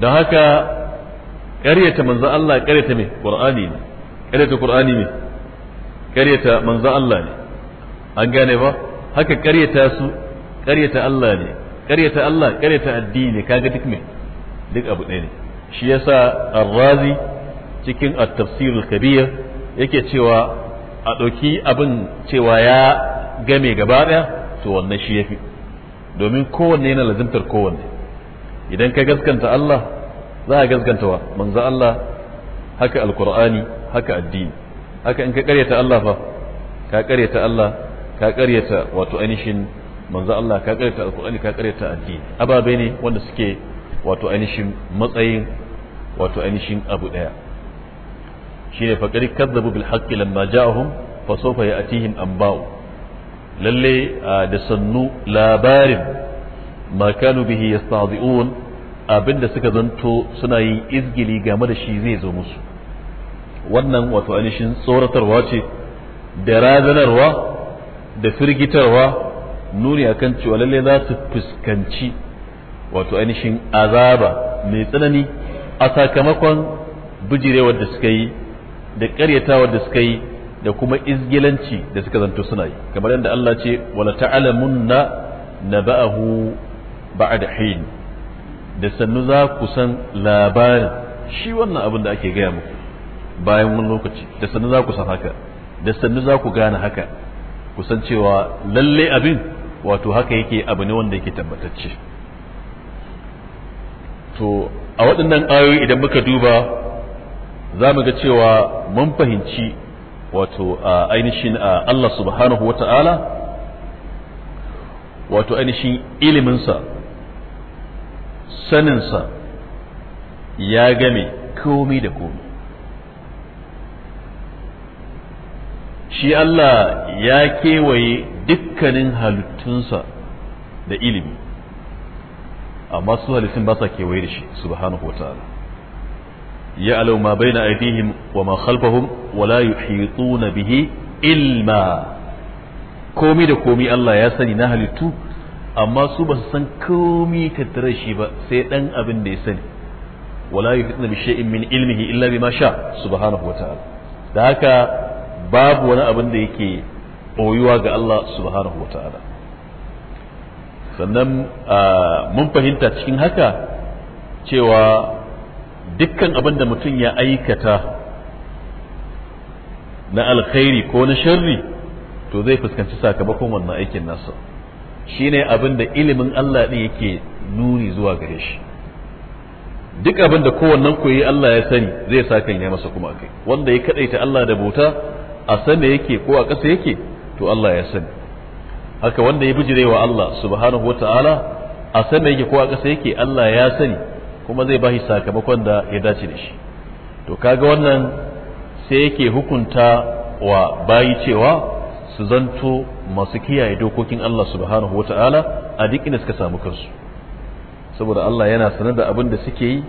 don haka karyata manzo Allah karyata me qur'ani ne karyata qur'ani ne karyata manzo Allah ne an gane ba haka karyata su karyata Allah ne karyata Allah karyata addini kaga duk me duk abu ɗaya ne shi yasa ar-razi cikin at-tafsir al-kabir yake cewa a ɗauki abin cewa ya game gaba ɗaya to wannan shi ya fi? domin kowanne yana lazimtar kowanne idan ka gaskanta Allah za a gaskanta wa manzo Allah haka alkur'ani haka addini haka in ka karyata Allah fa ka karyata Allah ka karyata wato ainihin manzo Allah ka karyata alkur'ani ka karyata addini ababe ne wanda suke wato ainihin matsayin wato ainihin abu daya shine faqari kadzabu bil haqqi lamma ja'ahum fa sawfa ya'tihim anba'u lalle da sannu labarin ma kanu bihi yastahzi'un abinda suka zanto suna yin izgili game da shi zai zo musu wannan wato ainihin tsoratarwa ce da razanarwa da firgitarwa nuni akan cewa lalle za su fuskanci wato ainihin azaba mai tsanani a sakamakon bijirewar da suka yi da karyatawa da suka yi da kuma izgilanci da suka zanto suna yi kamar yadda Allah ce wala na naba'ahu ba'da hin da sannu za ku san labarin shi wannan abin da ake gaya muku bayan wani lokaci da sannu za ku san haka da sannu za ku gane haka ku san cewa lalle abin wato haka yake abu ne wanda yake tabbatacce to a waɗannan ayoyi idan muka duba za mu ga cewa mun fahimci wato ainihin Allah subhanahu wa ta'ala wato ainihin iliminsa saninsa ya game komi da komi shi Allah ya kewaye dukkanin halittunsa da ilimi amma su halittun ba sa kewaye da shi subhanahu wa ta'ala يعلم ما بين أيديهم وما خلفهم ولا يحيطون به علما komi da komi Allah ya sani na halittu amma su basu su san komi tattare shi ba sai dan abin da sani wala yuhitna bi shay'in min ilmihi illa bima sha subhanahu wa ta'ala da haka babu wani abin da yake boyuwa ga Allah subhanahu sannan mun fahimta cikin haka cewa dukkan abin da mutum ya aikata na alkhairi ko na sharri to zai fuskanci sakamakon wannan aikin nasa ne abin da ilimin Allah ɗin yake nuni zuwa gare shi duk abin da kowannen koyi Allah ya sani zai sa kan ya masa kuma kai wanda ya kadaita Allah da bota a sane yake ko a ƙasa yake to Allah ya sani haka wanda ya bijirewa Allah subhanahu ta'ala a sane yake ko a ƙasa yake Allah ya sani kuma zai bashi sakamakon da ya dace da shi to kaga wannan sai yake hukunta wa bayi cewa su zanto masu kiyaye dokokin Allah subhanahu wata'ala a duk inda suka samu kansu saboda Allah yana sanar da abin da suke yi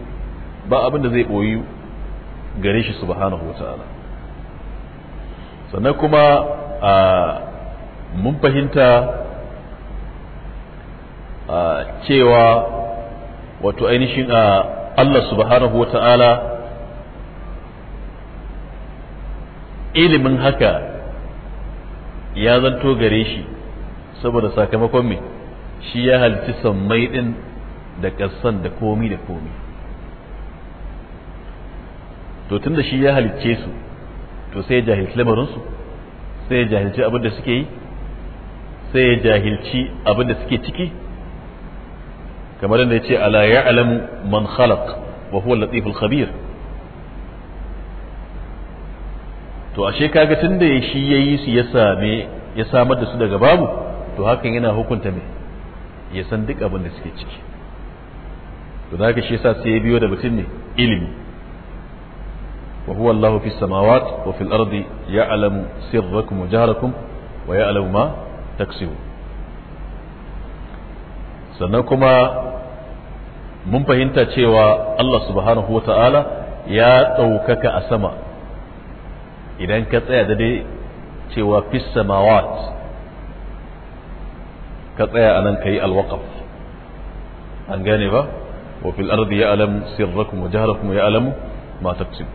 ba abin da zai boyi gare shi subhanahu wata'ala sannan kuma a mun fahimta cewa wato ainihin a ah, Allah subhanahu wa ta'ala ilimin haka ya zanto gare shi saboda sakamakon me shi ya halitti sammai din da ƙasan da komi da komi to tun da shi ya halicce su to sai ya jahilci lamarinsu sai ya jahilci abin da suke yi sai ya jahilci abin da suke ciki kamar da ya ce ala ya'lamu man khalaq wa huwa latiful khabir to ashe kaga tunda ya shi yayi su ya same ya samar da su daga babu to hakan yana hukunta me ya san duk abin da suke ciki to zaka shi yasa sai ya biyo da mutum ne ilimi wa huwa Allahu fis samawat wa fil ardi ya'lamu sirrakum wa jahrakum wa ya'lamu ma taksibu sannan kuma mun fahimta cewa Allah subhanahu wa ta'ala ya ɗaukaka a sama idan ka tsaya da dai cewa fissa mawat ka tsaya a nan ka yi alwaƙaf an gane ba wa fil ardi ya alamu sirrakum wa kuma ya alamu ma taqsim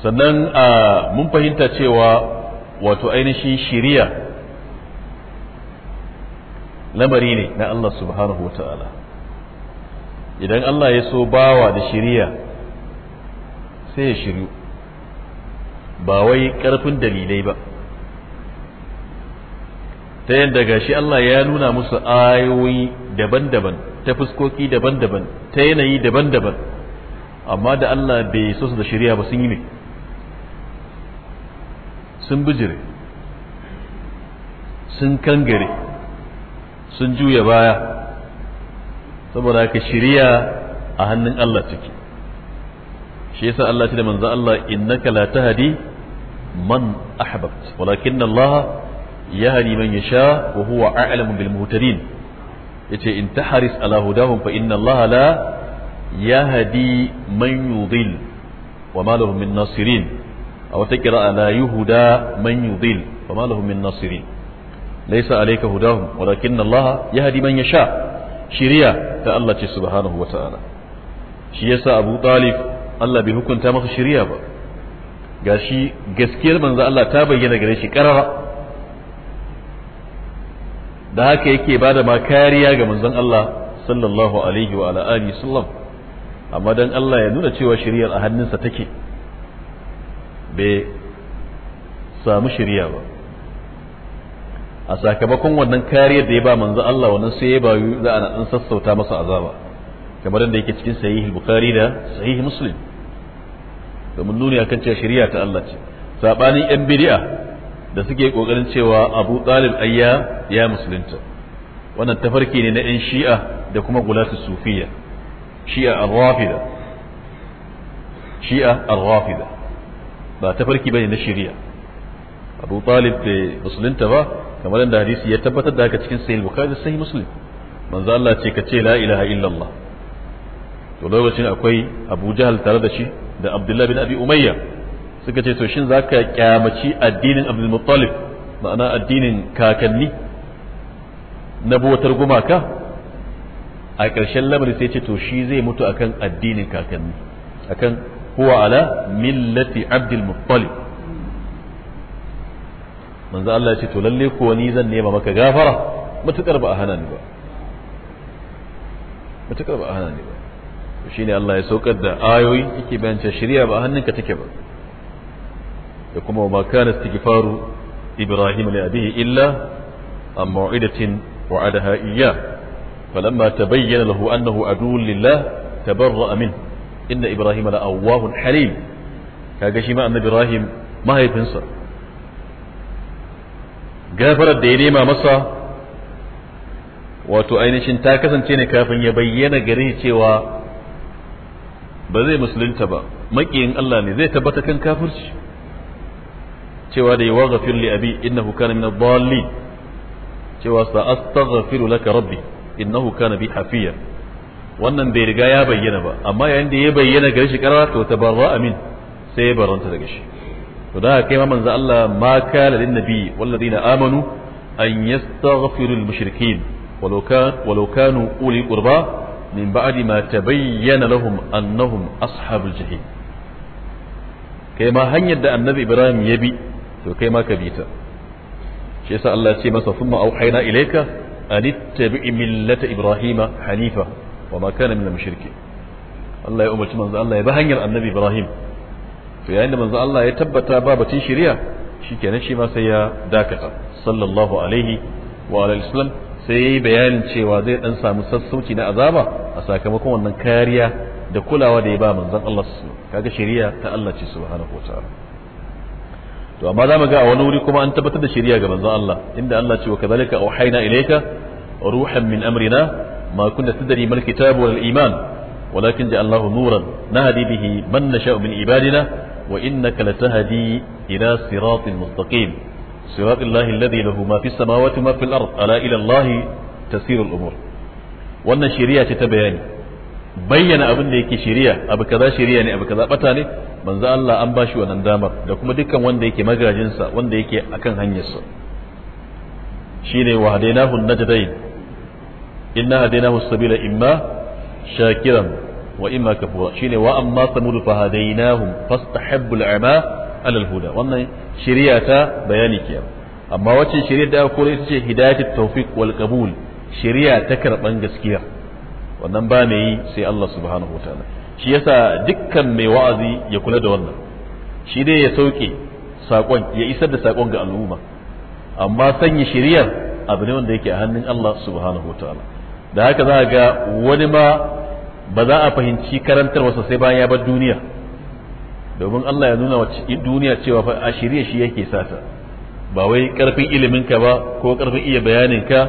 sannan ah, mun fahimta cewa wato ainihin shiriya lamari ne na Allah subhanahu ta'ala idan Allah ya so bawa da shiriya sai ya shiryu ba wai ƙarfin dalilai ba ta yadda gashi Allah ya nuna musu ayoyi daban-daban ta fuskoki daban-daban ta yanayi daban-daban amma da Allah bai so su da shiriya ba sun yi ne sun bijire sun kangare sun juya baya saboda haka shiriya a hannun Allah take shi yasa Allah ce da manzo Allah innaka la tahdi man ahbabt walakin Allah yahdi man yasha wa huwa a'lamu bil muhtadin yace in taharis ala hudahum fa inna Allah la yahdi man yudil wa ma lahum min nasirin aw taqra la yuhda man yudil wa ma lahum min nasirin laisa alayka hudahum walakin Allah yahdi man yasha shiriya ta Allah ce subhanahu wa shi yasa Abu Talib Allah bai hukunta masa shiriya ba gashi gaskiyar manzo Allah ta bayyana gare shi karara da haka yake bada ma kariya ga manzon Allah sallallahu alaihi wa alihi sallam amma dan Allah ya nuna cewa shiriyar a hannunsa take bai samu shiriya ba a sakamakon wannan kariyar da ya ba manzo Allah wannan sai ya bayu za a dan sassauta masa azaba kamar da yake cikin sahih bukhari da sahih muslim domin nuni akan cewa shari'a ta Allah ce sabanin yan bid'a da suke kokarin cewa Abu Talib ayya ya musulunta wannan tafarki ne na yan shi'a da kuma gulatu sufiya shi'a ar-rafida shi'a ar-rafida ba tafarki bane na shari'a Abu Talib bai musulunta ba kamar yadda hadisi ya tabbatar da haka cikin sahih bukhari sahih muslim manzo Allah ce ka ce la ilaha illallah to lokacin akwai Abu tare da shi da Abdullah bin Abi Umayya suka ce to shin zaka kyamaci addinin Abdul Muttalib ma'ana addinin kakanni na bautar gumaka a ƙarshen lamari sai ce to shi zai mutu akan addinin kakanni akan huwa ala millati Abdul Muttalib manzo Allah ce to lalle ko ni zan nema maka gafara mutukar ba a hana ni ba mutukar ba a hana ni ba shine Allah ya saukar da ayoyi yake bayan cewa shari'a ba ka take ba da kuma ma kana istighfaru ibrahim li abihi illa an mau'idatin wa'adaha iyya falamma tabayyana lahu annahu aduwwun lillah tabarra'a min inna ibrahim la awwahun halim kaga shi ma annabi ibrahim mahaifinsa gafarar da ya nema masa wato ainihin ta kasance ne kafin ya bayyana gare cewa ba zai musulunta ba maƙiyin Allah ne zai tabbata kan kafirci cewa da yawa gafir li abi innahu kana min adh cewa sa astaghfiru laka rabbi innahu kana bi hafiya wannan bai riga ya bayyana ba amma yayin da ya bayyana gare shi karara to tabarra amin sai ya baranta daga shi to da kai ma manzo Allah ma kana nabi walladina amanu an yastaghfiru lil mushrikin walau kan walau kanu uli qurba min ba'di ma tabayyana lahum annahum ashabul jahim kai ma hanyar da annabi Ibrahim ya bi to kai ma ka bi ta shi yasa Allah ya ce masa thumma auhayna ilayka an ittabi millata ibrahima hanifa wa ma kana min al Allah ya umarci manzo Allah ya bi hanyar annabi Ibrahim to yayin da manzo Allah ya tabbata ba batun shari'a shikenan shi ma sai ya dakata sallallahu alaihi wa alihi wasallam sai yayi bayanin cewa zai dan samu sassauci na azaba a sakamakon wannan kariya da kulawa da ya ba manzon Allah kaga shari'a ta Allah ce subhanahu wataala to amma zamu ga a wani wuri kuma an tabbatar da shari'a ga manzon Allah inda Allah ce wa kadhalika auhayna ilayka ruhan min amrina ma kunta tadri mal kitabu wal iman ولكن جعلناه نورا نهدي به من نشاء من عبادنا وإنك لتهدي إلى صراط مستقيم صراط الله الذي له ما في السماوات وما في الأرض ألا إلى الله تسير الأمور ce ta bayani bayyana abin da yake shiriya abu kaza shiriya ne abu kaza bata ne manzo Allah an bashi wannan damar da kuma dukkan wanda yake magajinsa wanda yake akan hanyarsa shine wa hadainahu najdain inna hadainahu sabila imma shakiran wa imma kafura shine wa amma samud fa hadainahum fastahabbul ama alal huda wannan shirya ta bayani kiyar amma wacce shirya da ko ita ce hidatin tawfiq wal qabul shari'a ta karban gaskiya wannan ba mai sai Allah subhanahu wataala shi yasa dukkan mai wa'azi ya kula da wannan shi ya sauke sakon ya isar da sakon ga al'umma amma sanya shari'ar abu ne wanda yake a hannun Allah subhanahu wataala da haka za a ga wani ma ba za a fahimci karantar karantarwarsa sai bayan ya bar duniya domin Allah ya nuna wa duniya cewa fa a shirye shi yake sata ba wai karfin iliminka ba ko karfin iya bayaninka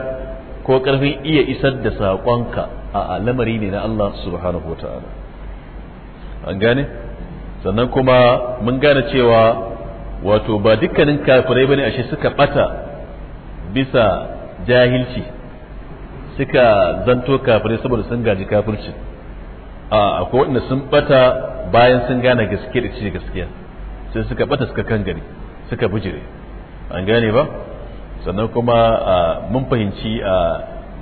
ko karfin iya isar da saƙonka a lamari ne na Allah subhanahu wa ta'ala an gane sannan kuma mun gane cewa wato ba dukkanin kafirai bane ashe suka bata bisa jahilci suka zanto kafirai saboda sun gaji kafircin akwai wanda sun bata bayan sun gane gaske da ce gaskiya sai suka bata suka kan gari suka bujire an gane ba sannan kuma mun fahimci a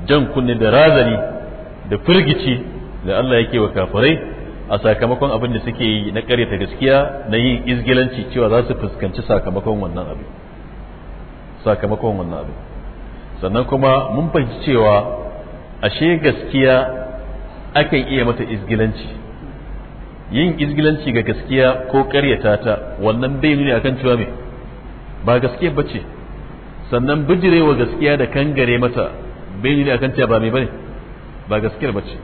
jan kunne da razani da firgici da Allah yake wa kafirai a sakamakon abin da suke yi na karyata gaskiya na yin izgilanci cewa za su fuskanci sakamakon wannan abin sakamakon wannan abin sannan kuma mun fahimci cewa ashe gaskiya akan iya mata izgilanci yin izgilanci ga gaskiya ko karyata ta wannan bai nuni akan cewa me ba gaskiya bace sannan bijirewa gaskiya da kangare mata bai nuni akan cewa ba me bane ba gaskiyar bace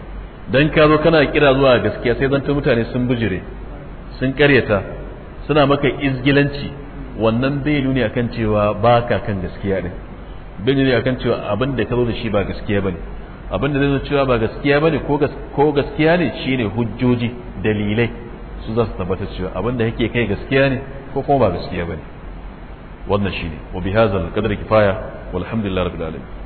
dan ka zo kana kira zuwa gaskiya sai zanta mutane sun bijire sun karyata suna maka izgilanci wannan bai nuni akan cewa ba ka kan gaskiya din bai nuni akan cewa abin da ka zo da shi ba gaskiya bane abin da zai zo cewa ba gaskiya ba ne ko gaskiya ne shi ne hujjoji dalilai su za su tabbatar cewa abin da yake kai gaskiya ne ko kuma ba gaskiya ba ne wannan ne wa bihazal kadar kifaya walhamdulillah rabbil alamin